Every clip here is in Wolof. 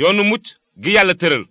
yoonu mucc gi yàlla tëral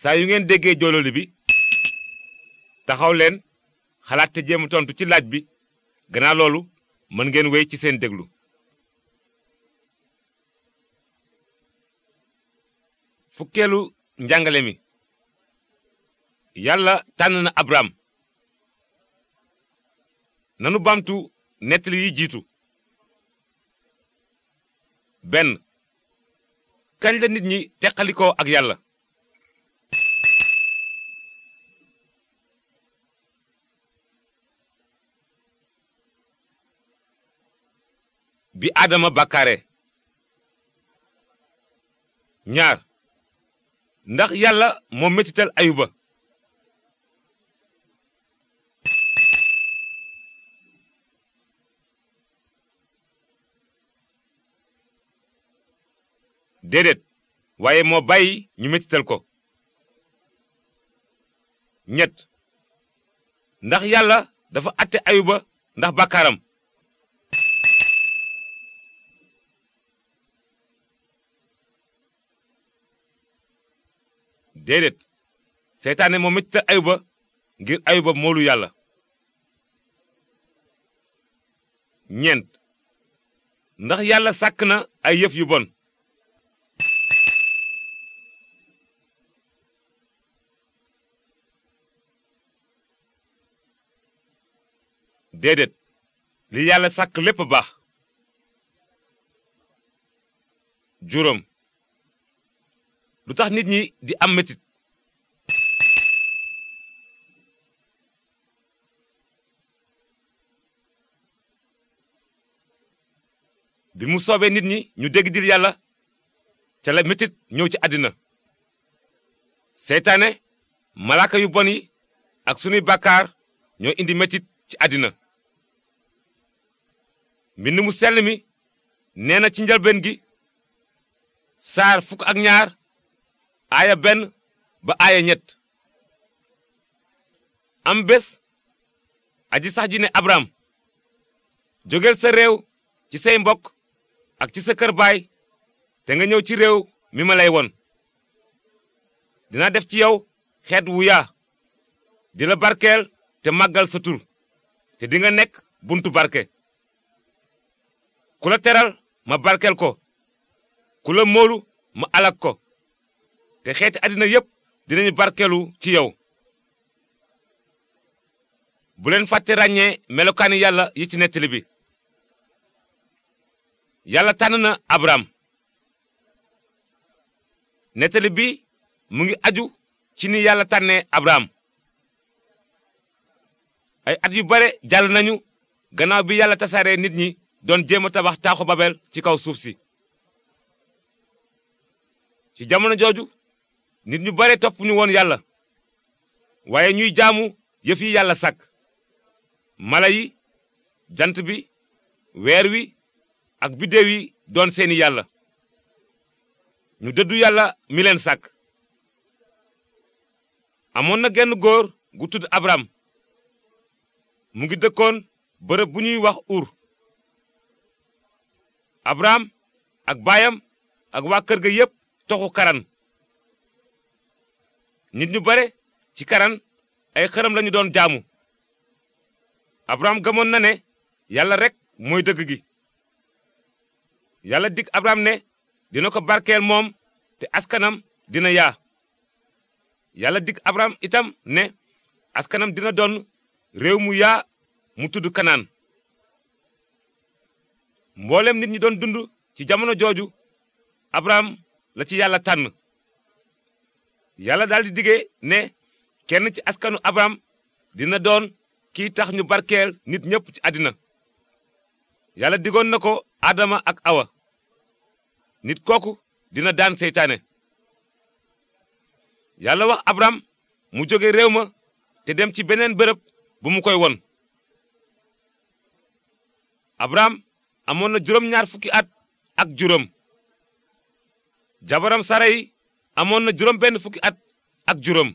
saa yu ngeen déggee joololi bi taxaw leen xalaat te tontu ci laaj bi ganaa loolu mën ngeen wéy ci seen déglu fukkeelu njàngale mi yàlla tànn na abraham nanu bamtu nettali yi jiitu benn kañ la nit ñi teqalikoo ak yàlla bi Adama ba kare ñaar ndax yàlla moo metital ayuba déedéet waaye moo bàyyi ñu mettital ko ñett ndax yàlla dafa àtte ayuba ndax bàkkaaram déedéet seytaane moo mettital ayuba ngir ayuba moolu yàlla ñeent ndax yàlla sàkk na ay yëf yu bon déedéet li yàlla sàkk lépp baax juróom lu tax nit ñi di am metit bi mu soobee nit ñi ñu dégg dil yàlla ca la metit ñëw ci àddina seytaane malaaka yu bon yi ak sunuy bàkkaar ñoo indi metit ci àddina mbind mu sell mi nee na ci njëlbeen gi saar fukk ak ñaar aaya benn ba aaya ñett am bés aji sax ji ne abraham jógeel sa réew ci say mbokk ak ci sa kër baay te nga ñëw ci réew mi ma lay won dina def ci yow xeet wu yaa di la barkeel te màggal sa tur te dinga nekk buntu barke ku teral ma barkel ko kula la móolu ma alak ko te xeeti àddina yépp dinañu barkeelu ci yow bu leen fàtte ràññee melokaani yàlla yi ci nettali bi yàlla tànn na abraham nettali bi mu ngi aju ci ni yàlla tànnee abraham ay at yu bare jàll nañu gannaaw bi yàlla tasaaree nit ñi doon jéem a tabax taaxu babel ci kaw suuf si ci jamono jooju nit ñu bare topp ñu woon yàlla waaye ñuy jaamu yëf yi yàlla sàkk mala yi jant bi weer wi ak biddéew yi doon seeni yàlla ñu dëddu yàlla mileen leen sàkk amoon na genn góor gu tudd abram mu ngi dëkkoon bërëb bu ñuy wax ur abraham ak baayam ak waa kër ga yépp toxu karan nit ñu bare ci karan ay xërëm lañu doon jaamu abraham gamoon na ne yàlla rekk mooy dëgg gi yàlla dikk abraham ne dina ko barkeel moom te askanam dina yaa yàlla dikk abraham itam ne askanam dina doon réew mu yaa mu tudd kanaan mboolem nit ñi doon dund ci jamono jooju abraham la ci yàlla tànn yàlla daldi digge ne kenn ci askanu abraham dina doon kiy tax ñu barkeel nit ñépp ci àddina yàlla diggoon na ko aadama ak awa nit kooku dina daan seytaane yàlla wax abraham mu jóge réew ma te dem ci beneen bërëb bu mu koy won amoon na juróom-ñaar fukki at ak juróom jabaram saray amoon na juróom benn fukki at ak juróom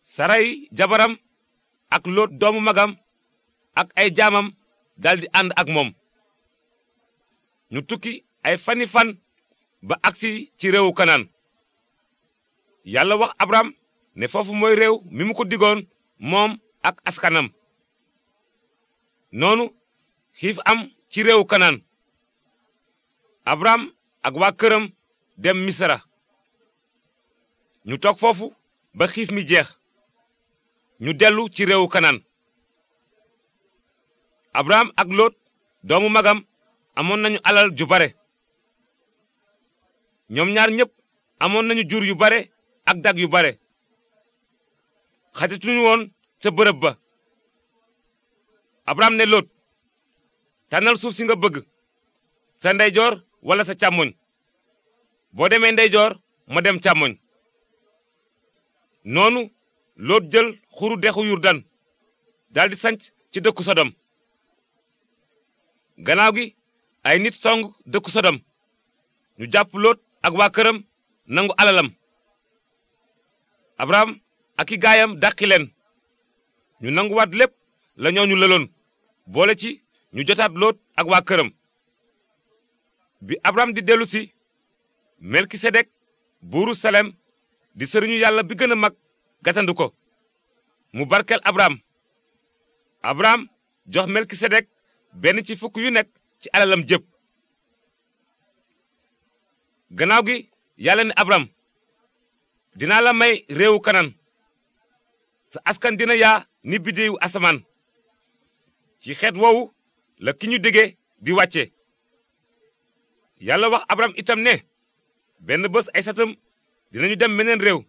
saray jabaram ak loot doomu magam ak ay jaamam daldi ànd ak moom ñu tukki ay fani fan ba agsi ci réewu kanaan yàlla wax abram ne foofu mooy réew mi mu ko digoon moom ak askanam noonu xiif am ci réew kanaan abraham ak waa këram dem misra ñu toog foofu ba xiif mi jeex ñu dellu ci réewu kanaan abraham ak loot doomu magam amoon nañu alal ju bare ñoom ñaar ñépp amoon nañu jur yu bare ak dag yu bare xajatuñu woon ca bërëb ba abraham ne loot tànnal suuf si nga bëgg sa ndeyjoor walla sa càmmoñ boo demee ndeyjoor ma dem càmmoñ noonu loot jël xuru dexu yurdan daldi sanc ci dëkku sodom ganaaw gi ay nit song dëkku sodom ñu jàpp loot ak waa këram nangu alalam abraham ak i gaayam dàqi leen ñu nanguwaat lépp la ñoo ñu lëloon boole ci ñu jotaat loot ak waa këram bi abram di dellusi si melkisedek buuru salem di sëriñu yàlla bi gën a mag gatandu mu barkeel abram abram jox melkisedek benn ci fukk yu nekk ci alalam jëpp gannaaw gi yàlla ni abram dinaa la may réewu kanan sa askan dina yaa ni biddeewu asamaan ci xeet woowu la ki ñu déggee di wàcce yàlla wax abram itam ne benn bés ay satam dinañu dem meneen réew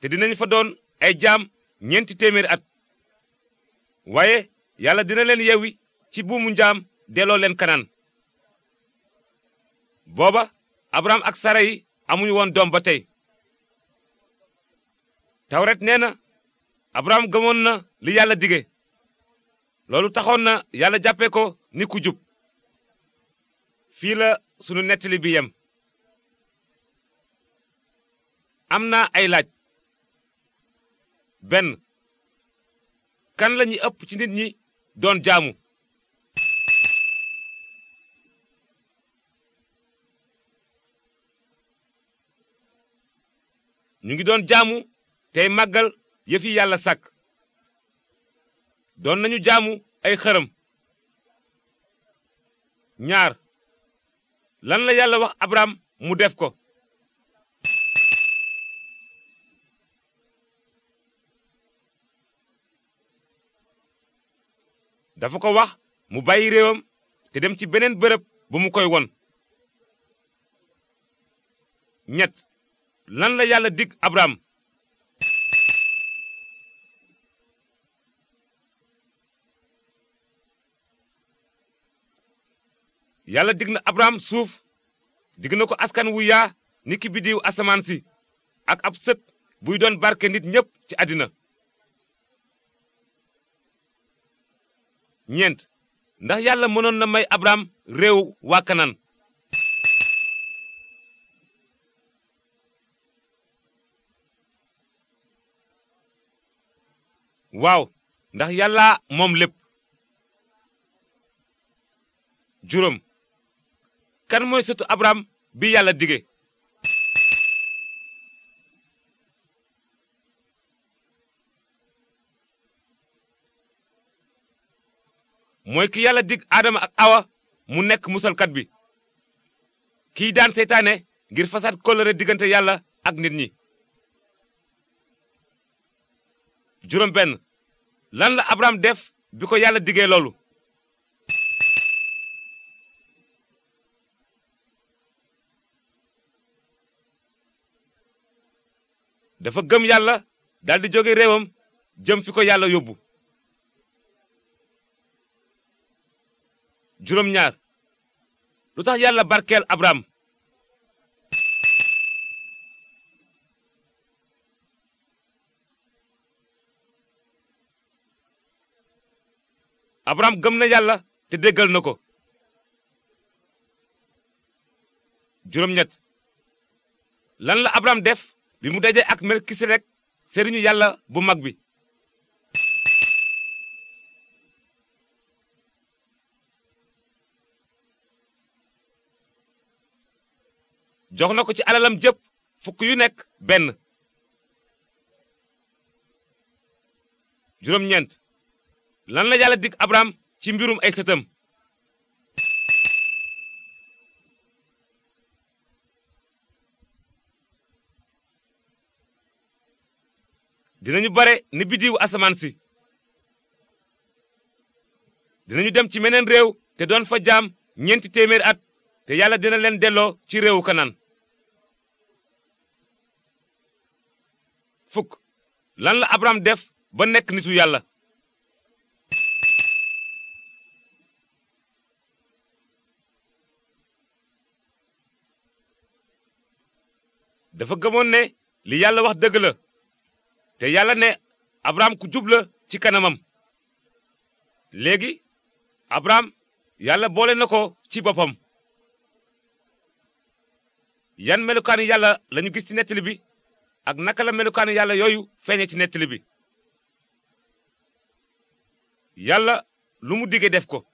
te dinañ fa doon ay jaam ñeenti téeméer at waaye yàlla dina leen yewwi ci buumu jaam delloo leen kanaan booba abram ak sara yi amuñu woon doom ba tey tawret nee na abram gëmoon na lu yàlla dige loolu taxoon na yàlla jàppee ko ni ku fii la sunu nettali bi yem am na ay laaj benn kan la ñi ëpp ci nit ñi doon jaamu ñu ngi doon jaamu tey màggal yëfi yàlla sàkk doon nañu jaamu ay xërëm ñaar lan la yàlla wax abraham mu def ko dafa ko wax mu bàyyi réewam te dem ci beneen bërëb bu mu koy won ñett lan la yàlla dikk abraham yàlla dig na abraham suuf dig na ko askan wu yaa ni ki biddiw asamaan si ak ab sët buy doon barke nit ñépp ci àddina ñeent ndax yàlla mënoon na may abraham réew waa kanan waaw ndax yàlla moom lépp juróom kan mooy sëtu abraham bi yàlla dige mooy ki yàlla dig aadama ak awa mu nekk musalkat bi kii daan seytaane ngir fasaat kóllëre diggante yàlla ak nit ñi juróom benn lan la abraham def bi ko yàlla digee loolu dafa gëm yàlla daldi jóge réewam jëm fi ko yàlla yóbbu juróom ñaar lu tax yàlla barkeel abraham abraham gëm na yàlla te déggal na ko juróom ñett lan la abraham def bi mu dajee ak melkisedek sëriñu yàlla bu mag bi jox na ko ci alalam jëpp fukk yu nekk benn juróom-ñeent lan la yàlla dikk abraham ci mbirum ay sëtam ñu bare ni biddiwu asamaan si dinañu dem ci meneen réew te doon fa jaam ñeenti téeméeri at te yàlla dina leen delloo ci réewu kanan fukk lan la abraham def ba nekk nitu yàlla dafa gëmoon ne li yàlla wax dëgg la te yàlla ne abraham ku jub ci kanamam léegi abraham yàlla boole na ko ci boppam yan melukaani yàlla lañu gis ci nettali bi ak naka la melukaani yàlla yooyu feeñe ci nettali bi yàlla lu mu digge def ko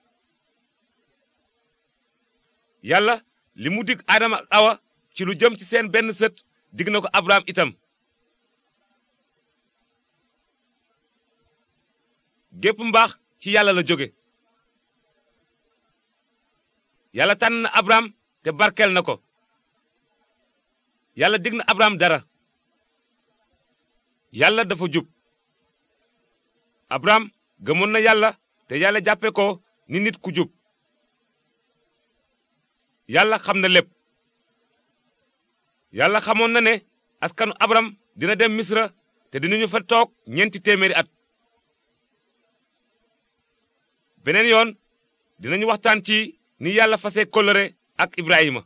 yàlla li mu dig aadama ak awa ci lu jëm ci seen benn sët dig na ko abraham itam gépp mbaax ci yàlla la jóge yàlla tànn na abraham te barkeel na ko yàlla dig na abraham dara yàlla dafa jub abraham gëmoon na yàlla te yàlla jàppe ko ni nit ku jub yàlla xam na lépp yàlla xamoon na ne askanu abraham dina dem misra te dinañu fa toog ñeenti téeméeri at beneen yoon dinañu waxtaan ci ni yàlla fase kóllëre ak Ibrahima.